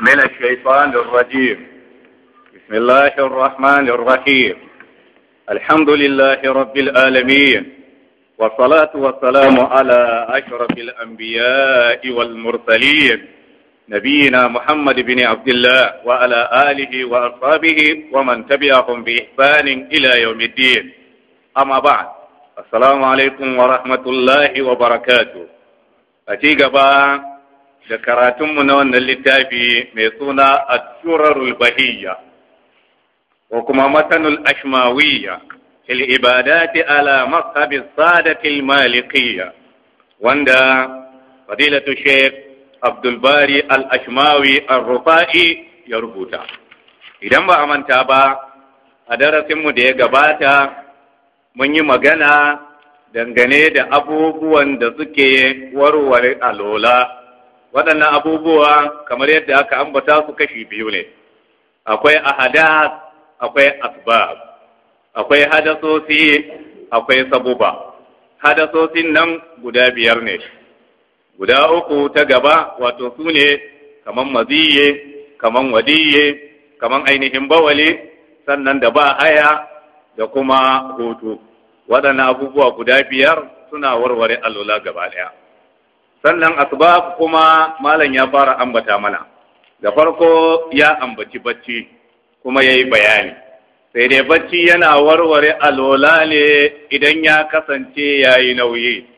من الشيطان الرجيم بسم الله الرحمن الرحيم الحمد لله رب العالمين والصلاة والسلام على أشرف الأنبياء والمرسلين نبينا محمد بن عبد الله وعلى آله وأصحابه ومن تبعهم بإحسان إلى يوم الدين أما بعد السلام عليكم ورحمة الله وبركاته أتيك بقى da karatunmu na wannan littafi mai suna a turarul Bahiyya ko kuma Matanul Ashmawiyya fil ibadati ala mazhabi sadatil malikiyya wanda fadilatu Sheikh Abdul Bari Al-Ashmawi Ar-Rufai ya rubuta idan ba a manta ba a darasinmu da ya gabata mun yi magana dangane da abubuwan da suke warware alola waɗannan abubuwa kamar yadda aka ambata su kashi biyu ne akwai ahada, akwai asbab akwai hadasosi akwai sabuba hadasosin nan guda biyar ne guda uku ta gaba wato su ne kaman maziye kaman wadiye kaman ainihin bawali sannan da ba haya da kuma hutu waɗannan abubuwa guda biyar suna warware alula gaba ɗaya sannan asbab kuma malam ya fara ambata mana da farko ya ambaci bacci kuma ya yi bayani sai dai bacci yana warware alola ne idan ya kasance ya yi nauyi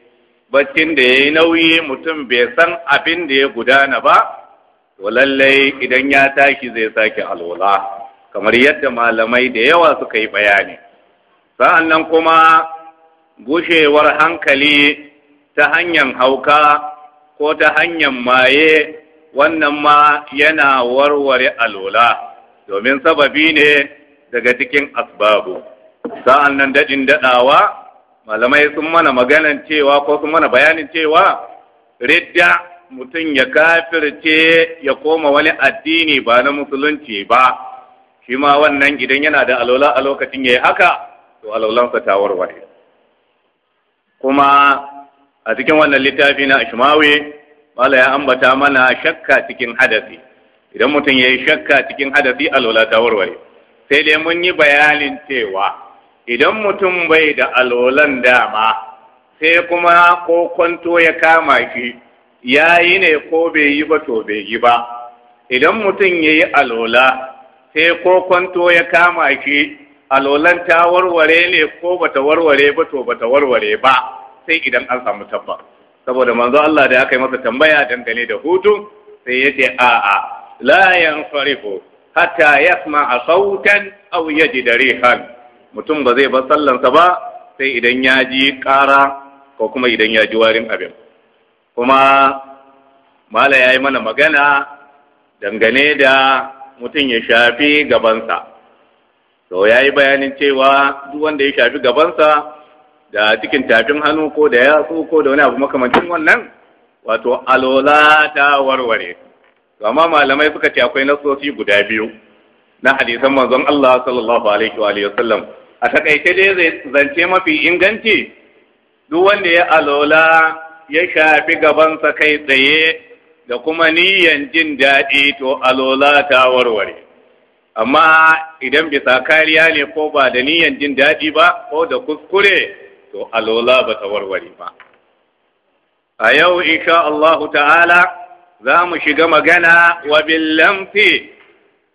baccin da ya yi nauyi mutum bai san abin da ya gudana ba to lallai idan ya tashi zai sake alola kamar yadda malamai da yawa suka yi bayani sa'an kuma gushewar hankali ta hanyar hauka ko ta hanyar maye wannan ma yana warware alola domin sababi ne daga cikin asbabu sa'an nan daɗin daɗawa malamai sun mana maganan cewa ko sun mana bayanin cewa ridda mutum ya kafirce ya koma wani addini ba na musulunci ba shi ma wannan idan yana da alola a lokacin ya yi haka to alolansa ta warware kuma a cikin wannan littafi na ashmawi mala ya ambata mana shakka cikin hadasi idan mutum ya yi shakka cikin hadasi alwala ta warware sai dai mun yi bayanin cewa idan mutum bai da alwalan dama sai kuma ko kwanto ya kama shi ya yi ne ko bai yi ba to bai yi ba idan mutum ya yi alwala sai ko kwanto ya kama shi alwalan ta warware ne ko bata warware ba to bata warware ba sai idan an samu tabba saboda manzo Allah da aka yi masa tambaya dangane da hutu sai ya ce a'a la yanfarifu hatta a sautan aw yajida rihan mutum ba zai bar sallansa ba sai idan ya ji ƙara ko kuma idan ya ji warin abin kuma mala ya yi mana magana dangane da mutum ya shafi gabansa to yayi bayanin cewa duk wanda ya shafi gabansa da cikin tafin hannu ko da yatsu ko da wani abu makamancin wannan wato alola ta warware to amma malamai suka ce akwai nasosi guda biyu na hadisan manzon Allah sallallahu alaihi wa alihi wasallam a takaice dai zai zance mafi inganci duk wanda ya alola ya shafi gaban sa kai tsaye da kuma niyan jin daɗi to alola ta warware amma idan bisa kariya ne ko ba da niyan jin daɗi ba ko da kuskure to alola ba ta warware ba a yau insha Allahu ta'ala za mu shiga magana wa billamfi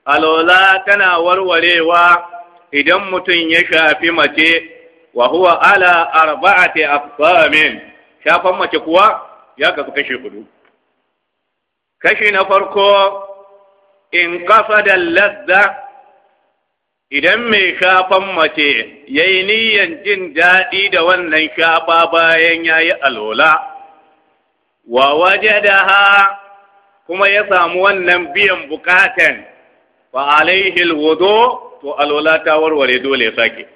alola tana warwarewa idan mutum ya shafi mace wa huwa ala arba'ati aqsamin shafan mace kuwa ya kasu kashi hudu kashi na farko in da lazza idan mai shafan mace ya yi niyyan jin daɗi da wannan shafa bayan ya yi alola, wa waje da ha kuma ya samu wannan biyan buƙatan, fa alaihil wudu to alola ta warware dole sake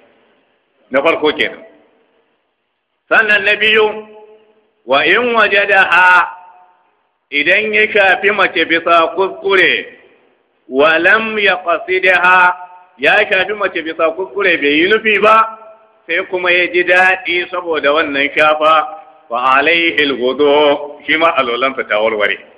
na farko kenan sannan na biyu wa in waje da ha idan ya shafi mace bisa kuskure walam ya ƙasi da ha ya shafi mace bisa kuskure bai yi nufi ba sai kuma ya ji daɗi saboda wannan shafa ba alaihi alghudu shi ma alolansa ta warware